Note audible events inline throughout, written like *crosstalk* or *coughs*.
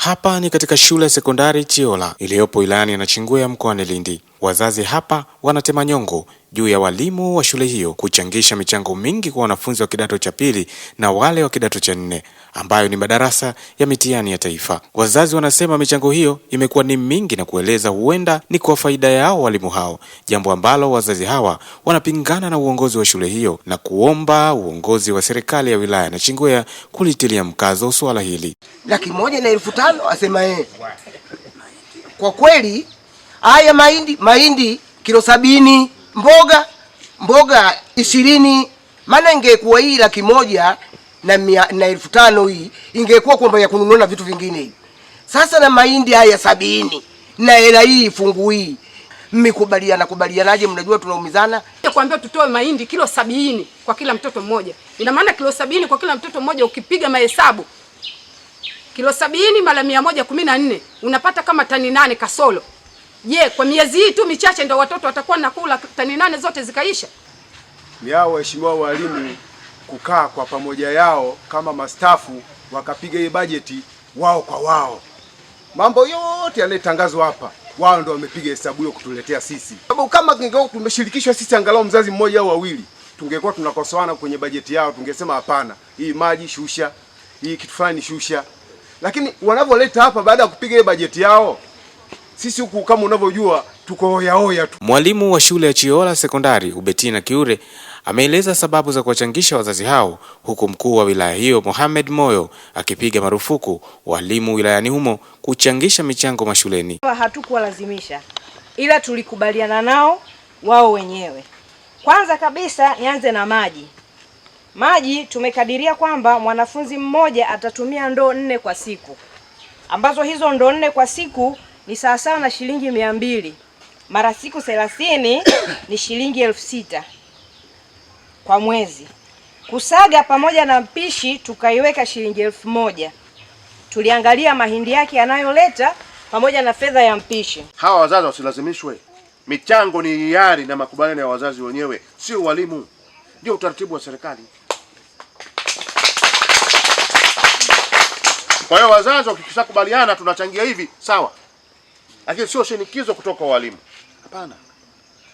Hapa ni katika shule ya sekondari Chiola iliyopo wilayani Nachingwea mkoani Lindi. Wazazi hapa wanatema nyongo juu ya walimu wa shule hiyo kuchangisha michango mingi kwa wanafunzi wa kidato cha pili na wale wa kidato cha nne ambayo ni madarasa ya mitihani ya taifa. Wazazi wanasema michango hiyo imekuwa ni mingi na kueleza huenda ni kwa faida yao walimu hao, jambo ambalo wazazi hawa wanapingana na uongozi wa shule hiyo na kuomba uongozi wa serikali ya wilaya na chingwea kulitilia mkazo swala hili. Laki moja na elfu tano asema yeye. Kwa kweli haya mahindi mahindi kilo sabini mboga mboga ishirini. Maana ingekuwa hii laki moja na mia, na elfu tano hii ingekuwa kwamba ya kununua na vitu vingine hii. Sasa na mahindi haya sabini na hela hii fungu hii mmekubaliana kubalianaje? Mnajua tunaumizana. Nikwambia tutoe mahindi kilo sabini kwa kila mtoto mmoja, ina maana kilo sabini kwa kila mtoto mmoja, ukipiga mahesabu kilo sabini mara mia moja kumi na nne unapata kama tani nane kasolo Je, kwa miezi hii tu michache ndio watoto watakuwa nakula tani nane zote zikaisha? miao waheshimiwa walimu kukaa kwa pamoja yao kama mastafu wakapiga hii bajeti wao kwa wao. Mambo yote yanayotangazwa hapa wao ndio wamepiga hesabu hiyo kutuletea sisi. Sababu kama tungekuwa tumeshirikishwa sisi angalau mzazi mmoja au wawili, tungekuwa tunakosoana kwenye bajeti yao, tungesema hapana, hii maji shusha, hii kitu fulani shusha. Lakini wanavyoleta hapa baada ya kupiga hii bajeti yao sisi huku kama unavyojua tuko oya tu. Mwalimu wa shule ya Chiola Sekondari Ubetina Kiure ameeleza sababu za kuwachangisha wazazi hao, huku mkuu wa wilaya hiyo Mohamed Moyo akipiga marufuku walimu wilayani humo kuchangisha michango mashuleni. Hatukuwalazimisha, ila tulikubaliana nao wao wenyewe. Kwanza kabisa nianze na maji. Maji tumekadiria kwamba mwanafunzi mmoja atatumia ndoo nne kwa siku, ambazo hizo ndoo nne kwa siku ni sawasawa na shilingi mia mbili mara siku thelathini *coughs* ni shilingi elfu sita kwa mwezi. Kusaga pamoja na mpishi tukaiweka shilingi elfu moja tuliangalia mahindi yake yanayoleta pamoja na fedha ya mpishi. Hawa wazazi wasilazimishwe, michango ni hiari na makubaliano ya wazazi wenyewe, sio walimu. Ndio utaratibu wa serikali. Kwa hiyo wazazi kubaliana tunachangia hivi, sawa lakini sio shinikizo kutoka kwa walimu, hapana.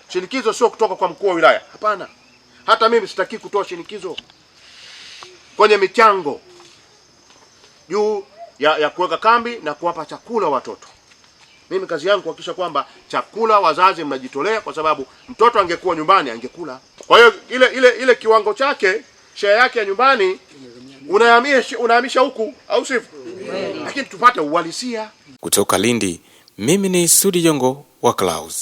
Shinikizo sio kutoka kwa mkuu wa wilaya, hapana. Hata mimi sitaki kutoa shinikizo kwenye michango juu ya, ya kuweka kambi na kuwapa chakula watoto. Mimi kazi yangu kuhakikisha kwamba chakula wazazi mnajitolea, kwa sababu mtoto angekuwa nyumbani angekula. Kwa hiyo ile ile ile kiwango chake share yake ya nyumbani unahamisha huku, au sivyo? Lakini tupate uhalisia kutoka Lindi. Mimi ni Sudi Jongo wa Clouds.